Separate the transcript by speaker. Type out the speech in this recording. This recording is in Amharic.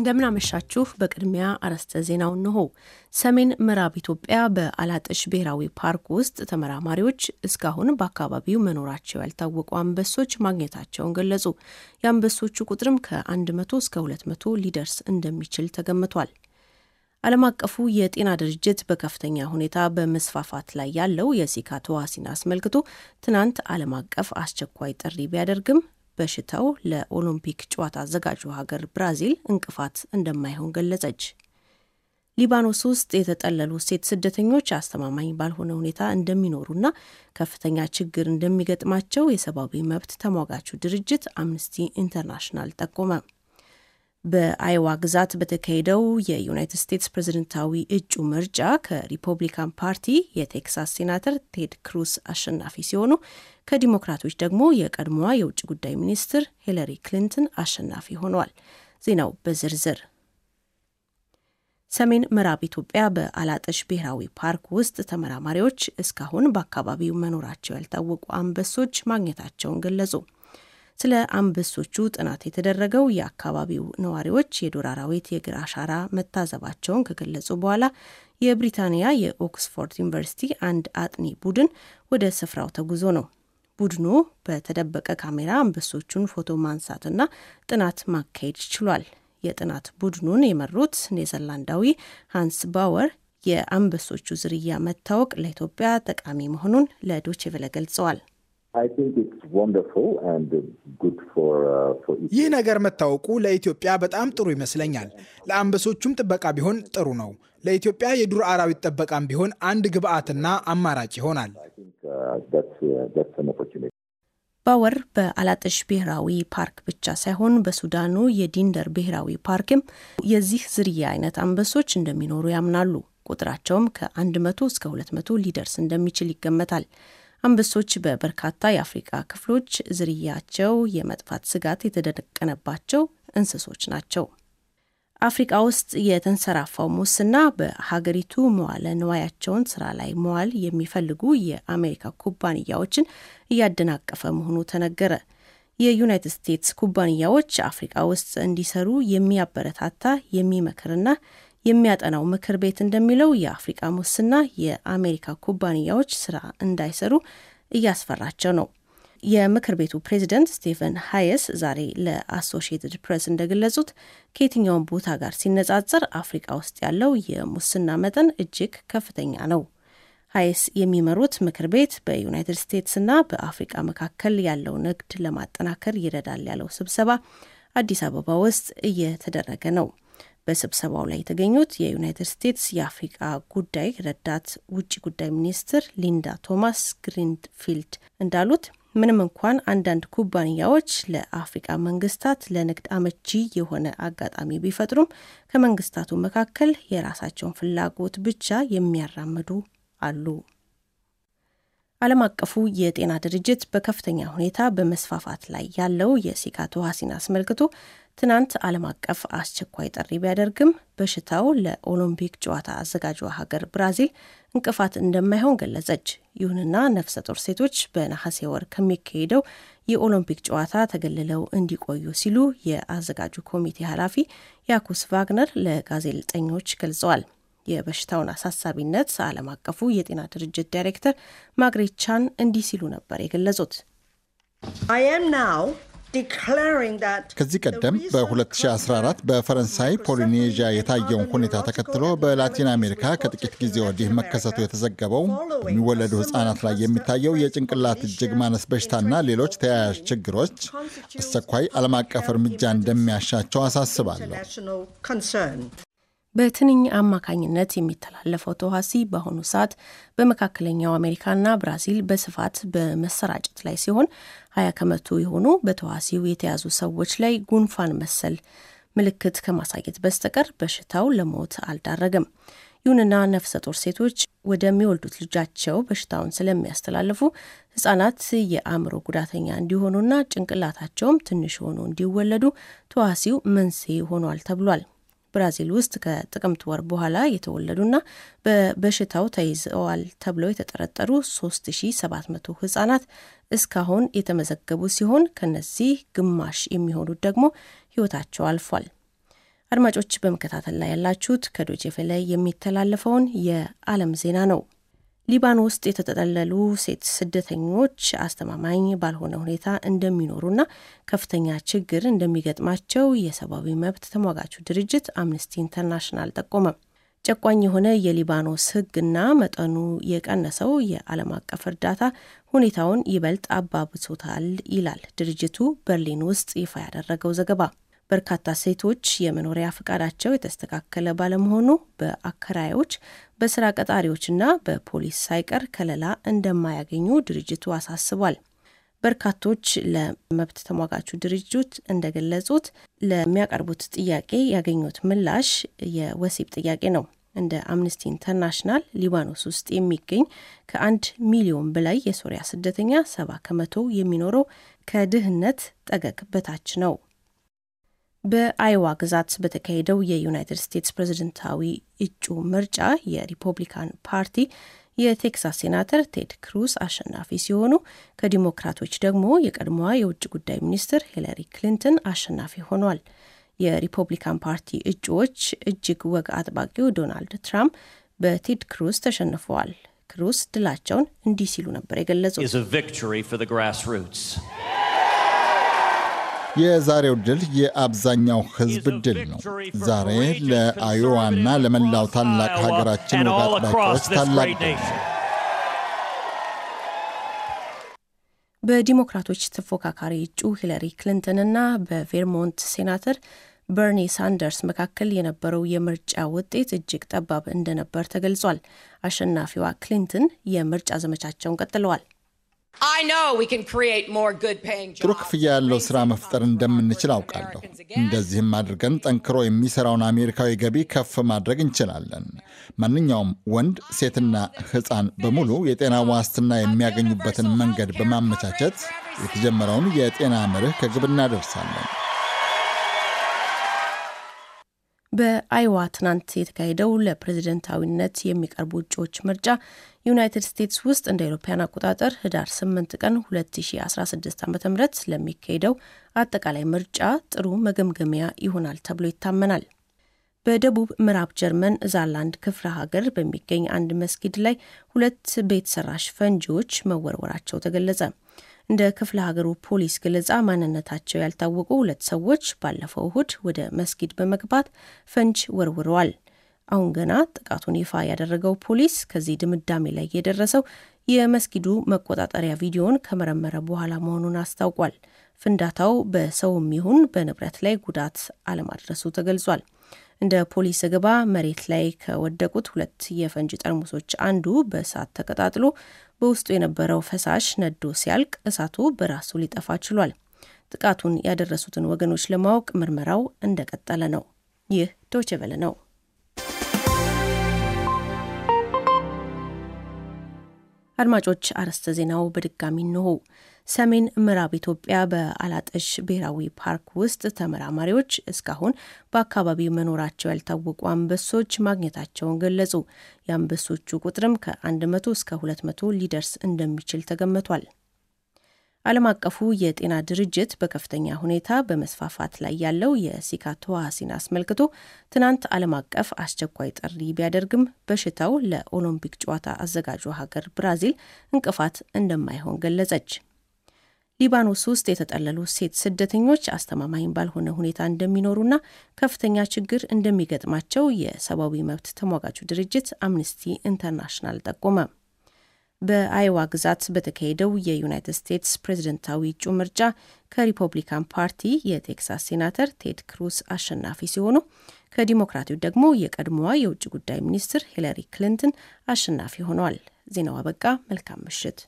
Speaker 1: እንደምናመሻችሁ በቅድሚያ አረስተ ዜናው እንሆ። ሰሜን ምዕራብ ኢትዮጵያ በአላጠሽ ብሔራዊ ፓርክ ውስጥ ተመራማሪዎች እስካሁን በአካባቢው መኖራቸው ያልታወቁ አንበሶች ማግኘታቸውን ገለጹ። የአንበሶቹ ቁጥርም ከ100 እስከ 200 ሊደርስ እንደሚችል ተገምቷል። ዓለም አቀፉ የጤና ድርጅት በከፍተኛ ሁኔታ በመስፋፋት ላይ ያለው የሲካ ተዋሲን አስመልክቶ ትናንት ዓለም አቀፍ አስቸኳይ ጥሪ ቢያደርግም በሽታው ለኦሎምፒክ ጨዋታ አዘጋጁ ሀገር ብራዚል እንቅፋት እንደማይሆን ገለጸች። ሊባኖስ ውስጥ የተጠለሉ ሴት ስደተኞች አስተማማኝ ባልሆነ ሁኔታ እንደሚኖሩና ከፍተኛ ችግር እንደሚገጥማቸው የሰብአዊ መብት ተሟጋቹ ድርጅት አምነስቲ ኢንተርናሽናል ጠቆመ። በአይዋ ግዛት በተካሄደው የዩናይትድ ስቴትስ ፕሬዝደንታዊ እጩ ምርጫ ከሪፐብሊካን ፓርቲ የቴክሳስ ሴናተር ቴድ ክሩስ አሸናፊ ሲሆኑ ከዲሞክራቶች ደግሞ የቀድሞዋ የውጭ ጉዳይ ሚኒስትር ሂለሪ ክሊንተን አሸናፊ ሆነዋል። ዜናው በዝርዝር ሰሜን ምዕራብ ኢትዮጵያ በአላጠሽ ብሔራዊ ፓርክ ውስጥ ተመራማሪዎች እስካሁን በአካባቢው መኖራቸው ያልታወቁ አንበሶች ማግኘታቸውን ገለጹ። ስለ አንበሶቹ ጥናት የተደረገው የአካባቢው ነዋሪዎች የዱር አራዊት የእግር አሻራ መታዘባቸውን ከገለጹ በኋላ የብሪታንያ የኦክስፎርድ ዩኒቨርሲቲ አንድ አጥኒ ቡድን ወደ ስፍራው ተጉዞ ነው። ቡድኑ በተደበቀ ካሜራ አንበሶቹን ፎቶ ማንሳትና ጥናት ማካሄድ ችሏል። የጥናት ቡድኑን የመሩት ኔዘርላንዳዊ ሃንስ ባወር የአንበሶቹ ዝርያ መታወቅ ለኢትዮጵያ ጠቃሚ መሆኑን ለዶቼ ቬለ ገልጸዋል።
Speaker 2: Uh, ይህ ነገር መታወቁ ለኢትዮጵያ በጣም ጥሩ ይመስለኛል። ለአንበሶቹም ጥበቃ ቢሆን ጥሩ ነው። ለኢትዮጵያ የዱር አራዊት ጥበቃም ቢሆን አንድ ግብዓትና አማራጭ ይሆናል። uh, uh,
Speaker 1: ባወር በአላጠሽ ብሔራዊ ፓርክ ብቻ ሳይሆን በሱዳኑ የዲንደር ብሔራዊ ፓርክም የዚህ ዝርያ አይነት አንበሶች እንደሚኖሩ ያምናሉ። ቁጥራቸውም ከ100 እስከ 200 ሊደርስ እንደሚችል ይገመታል። አንበሶች በበርካታ የአፍሪቃ ክፍሎች ዝርያቸው የመጥፋት ስጋት የተደቀነባቸው እንስሶች ናቸው። አፍሪቃ ውስጥ የተንሰራፋው ሙስና በሀገሪቱ መዋለ ንዋያቸውን ስራ ላይ መዋል የሚፈልጉ የአሜሪካ ኩባንያዎችን እያደናቀፈ መሆኑ ተነገረ። የዩናይትድ ስቴትስ ኩባንያዎች አፍሪቃ ውስጥ እንዲሰሩ የሚያበረታታ የሚመክርና የሚያጠናው ምክር ቤት እንደሚለው የአፍሪቃ ሙስና የአሜሪካ ኩባንያዎች ስራ እንዳይሰሩ እያስፈራቸው ነው። የምክር ቤቱ ፕሬዚደንት ስቴፈን ሃየስ ዛሬ ለአሶሽየትድ ፕሬስ እንደገለጹት ከየትኛውም ቦታ ጋር ሲነጻጸር አፍሪቃ ውስጥ ያለው የሙስና መጠን እጅግ ከፍተኛ ነው። ሃይስ የሚመሩት ምክር ቤት በዩናይትድ ስቴትስና በአፍሪቃ መካከል ያለው ንግድ ለማጠናከር ይረዳል ያለው ስብሰባ አዲስ አበባ ውስጥ እየተደረገ ነው። በስብሰባው ላይ የተገኙት የዩናይትድ ስቴትስ የአፍሪቃ ጉዳይ ረዳት ውጭ ጉዳይ ሚኒስትር ሊንዳ ቶማስ ግሪንፊልድ እንዳሉት ምንም እንኳን አንዳንድ ኩባንያዎች ለአፍሪቃ መንግስታት ለንግድ አመቺ የሆነ አጋጣሚ ቢፈጥሩም ከመንግስታቱ መካከል የራሳቸውን ፍላጎት ብቻ የሚያራምዱ አሉ። ዓለም አቀፉ የጤና ድርጅት በከፍተኛ ሁኔታ በመስፋፋት ላይ ያለው የሲካ ተህዋሲን አስመልክቶ ትናንት ዓለም አቀፍ አስቸኳይ ጥሪ ቢያደርግም በሽታው ለኦሎምፒክ ጨዋታ አዘጋጇ ሀገር ብራዚል እንቅፋት እንደማይሆን ገለጸች። ይሁንና ነፍሰ ጡር ሴቶች በነሐሴ ወር ከሚካሄደው የኦሎምፒክ ጨዋታ ተገልለው እንዲቆዩ ሲሉ የአዘጋጁ ኮሚቴ ኃላፊ ያኩስ ቫግነር ለጋዜጠኞች ገልጸዋል። የበሽታውን አሳሳቢነት ዓለም አቀፉ የጤና ድርጅት ዳይሬክተር ማግሬቻን እንዲህ ሲሉ ነበር የገለጹት።
Speaker 2: ከዚህ ቀደም በ2014 በፈረንሳይ ፖሊኔዥያ የታየውን ሁኔታ ተከትሎ በላቲን አሜሪካ ከጥቂት ጊዜ ወዲህ መከሰቱ የተዘገበው በሚወለዱ ሕፃናት ላይ የሚታየው የጭንቅላት እጅግ ማነስ በሽታና ሌሎች ተያያዥ ችግሮች አስቸኳይ ዓለም አቀፍ እርምጃ እንደሚያሻቸው አሳስባለሁ።
Speaker 1: በትንኝ አማካኝነት የሚተላለፈው ተዋሲ በአሁኑ ሰዓት በመካከለኛው አሜሪካና ብራዚል በስፋት በመሰራጨት ላይ ሲሆን ሀያ ከመቶ የሆኑ በተዋሲው የተያዙ ሰዎች ላይ ጉንፋን መሰል ምልክት ከማሳየት በስተቀር በሽታው ለሞት አልዳረገም። ይሁንና ነፍሰ ጡር ሴቶች ወደሚወልዱት ልጃቸው በሽታውን ስለሚያስተላልፉ ህጻናት የአእምሮ ጉዳተኛ እንዲሆኑና ጭንቅላታቸውም ትንሽ ሆኖ እንዲወለዱ ተዋሲው መንስኤ ሆኗል ተብሏል። ብራዚል ውስጥ ከጥቅምት ወር በኋላ የተወለዱና በበሽታው ተይዘዋል ተብለው የተጠረጠሩ 3700 ህጻናት እስካሁን የተመዘገቡ ሲሆን ከነዚህ ግማሽ የሚሆኑት ደግሞ ህይወታቸው አልፏል። አድማጮች በመከታተል ላይ ያላችሁት ከዶቼ ቬለ የሚተላለፈውን የዓለም ዜና ነው። ሊባኖ ውስጥ የተጠለሉ ሴት ስደተኞች አስተማማኝ ባልሆነ ሁኔታ እንደሚኖሩና ከፍተኛ ችግር እንደሚገጥማቸው የሰብአዊ መብት ተሟጋቹ ድርጅት አምነስቲ ኢንተርናሽናል ጠቆመ። ጨቋኝ የሆነ የሊባኖስ ሕግና መጠኑ የቀነሰው የዓለም አቀፍ እርዳታ ሁኔታውን ይበልጥ አባብሶታል ይላል ድርጅቱ በርሊን ውስጥ ይፋ ያደረገው ዘገባ። በርካታ ሴቶች የመኖሪያ ፈቃዳቸው የተስተካከለ ባለመሆኑ በአከራዮች፣ በስራ ቀጣሪዎችና በፖሊስ ሳይቀር ከለላ እንደማያገኙ ድርጅቱ አሳስቧል። በርካቶች ለመብት ተሟጋቹ ድርጅት እንደገለጹት ለሚያቀርቡት ጥያቄ ያገኙት ምላሽ የወሲብ ጥያቄ ነው። እንደ አምነስቲ ኢንተርናሽናል ሊባኖስ ውስጥ የሚገኝ ከአንድ ሚሊዮን በላይ የሶሪያ ስደተኛ ሰባ ከመቶ የሚኖረው ከድህነት ጠገግ በታች ነው። በአይዋ ግዛት በተካሄደው የዩናይትድ ስቴትስ ፕሬዝደንታዊ እጩ ምርጫ የሪፐብሊካን ፓርቲ የቴክሳስ ሴናተር ቴድ ክሩስ አሸናፊ ሲሆኑ ከዲሞክራቶች ደግሞ የቀድሞዋ የውጭ ጉዳይ ሚኒስትር ሂለሪ ክሊንተን አሸናፊ ሆኗል። የሪፐብሊካን ፓርቲ እጩዎች እጅግ ወግ አጥባቂው ዶናልድ ትራምፕ በቴድ ክሩስ ተሸንፈዋል። ክሩስ ድላቸውን እንዲህ ሲሉ ነበር የገለጹት።
Speaker 2: የዛሬው ድል የአብዛኛው ሕዝብ ድል ነው። ዛሬ ለአዮዋና ለመላው ታላቅ ሀገራችን ወግ አጥባቂዎች ታላቅ
Speaker 1: ድል በዲሞክራቶች ተፎካካሪ እጩ ሂለሪ ክሊንተንና በቬርሞንት ሴናተር በርኒ ሳንደርስ መካከል የነበረው የምርጫ ውጤት እጅግ ጠባብ እንደነበር ተገልጿል። አሸናፊዋ ክሊንተን የምርጫ ዘመቻቸውን ቀጥለዋል።
Speaker 2: ጥሩ ክፍያ ያለው ሥራ መፍጠር እንደምንችል አውቃለሁ። እንደዚህም አድርገን ጠንክሮ የሚሠራውን አሜሪካዊ ገቢ ከፍ ማድረግ እንችላለን። ማንኛውም ወንድ፣ ሴትና ሕፃን በሙሉ የጤና ዋስትና የሚያገኙበትን መንገድ በማመቻቸት የተጀመረውን የጤና መርህ ከግብ እናደርሳለን።
Speaker 1: በአይዋ ትናንት የተካሄደው ለፕሬዝደንታዊነት የሚቀርቡ እጩዎች ምርጫ ዩናይትድ ስቴትስ ውስጥ እንደ አውሮፓውያን አቆጣጠር ህዳር 8 ቀን 2016 ዓ ም ለሚካሄደው አጠቃላይ ምርጫ ጥሩ መገምገሚያ ይሆናል ተብሎ ይታመናል። በደቡብ ምዕራብ ጀርመን ዛላንድ ክፍለ ሀገር በሚገኝ አንድ መስጊድ ላይ ሁለት ቤት ሰራሽ ፈንጂዎች መወርወራቸው ተገለጸ። እንደ ክፍለ ሀገሩ ፖሊስ ገለጻ ማንነታቸው ያልታወቁ ሁለት ሰዎች ባለፈው እሁድ ወደ መስጊድ በመግባት ፈንጅ ወርውረዋል። አሁን ገና ጥቃቱን ይፋ ያደረገው ፖሊስ ከዚህ ድምዳሜ ላይ የደረሰው የመስጊዱ መቆጣጠሪያ ቪዲዮን ከመረመረ በኋላ መሆኑን አስታውቋል። ፍንዳታው በሰውም ይሁን በንብረት ላይ ጉዳት አለማድረሱ ተገልጿል። እንደ ፖሊስ ዘገባ መሬት ላይ ከወደቁት ሁለት የፈንጅ ጠርሙሶች አንዱ በእሳት ተቀጣጥሎ በውስጡ የነበረው ፈሳሽ ነዶ ሲያልቅ እሳቱ በራሱ ሊጠፋ ችሏል። ጥቃቱን ያደረሱትን ወገኖች ለማወቅ ምርመራው እንደቀጠለ ነው። ይህ ዶቼ ቬለ ነው። አድማጮች፣ አርዕስተ ዜናው በድጋሚ እንሆ ሰሜን ምዕራብ ኢትዮጵያ በአላጠሽ ብሔራዊ ፓርክ ውስጥ ተመራማሪዎች እስካሁን በአካባቢው መኖራቸው ያልታወቁ አንበሶች ማግኘታቸውን ገለጹ። የአንበሶቹ ቁጥርም ከ100 እስከ 200 ሊደርስ እንደሚችል ተገምቷል። ዓለም አቀፉ የጤና ድርጅት በከፍተኛ ሁኔታ በመስፋፋት ላይ ያለው የሲካ ተህዋሲን አስመልክቶ ትናንት ዓለም አቀፍ አስቸኳይ ጥሪ ቢያደርግም በሽታው ለኦሎምፒክ ጨዋታ አዘጋጁ ሀገር ብራዚል እንቅፋት እንደማይሆን ገለጸች። ሊባኖስ ውስጥ የተጠለሉ ሴት ስደተኞች አስተማማኝ ባልሆነ ሁኔታ እንደሚኖሩና ከፍተኛ ችግር እንደሚገጥማቸው የሰብአዊ መብት ተሟጋቹ ድርጅት አምነስቲ ኢንተርናሽናል ጠቆመ። በአይዋ ግዛት በተካሄደው የዩናይትድ ስቴትስ ፕሬዝደንታዊ እጩ ምርጫ ከሪፐብሊካን ፓርቲ የቴክሳስ ሴናተር ቴድ ክሩስ አሸናፊ ሲሆኑ ከዲሞክራቲው ደግሞ የቀድሞዋ የውጭ ጉዳይ ሚኒስትር ሂለሪ ክሊንተን አሸናፊ ሆነዋል። ዜናው አበቃ። መልካም ምሽት።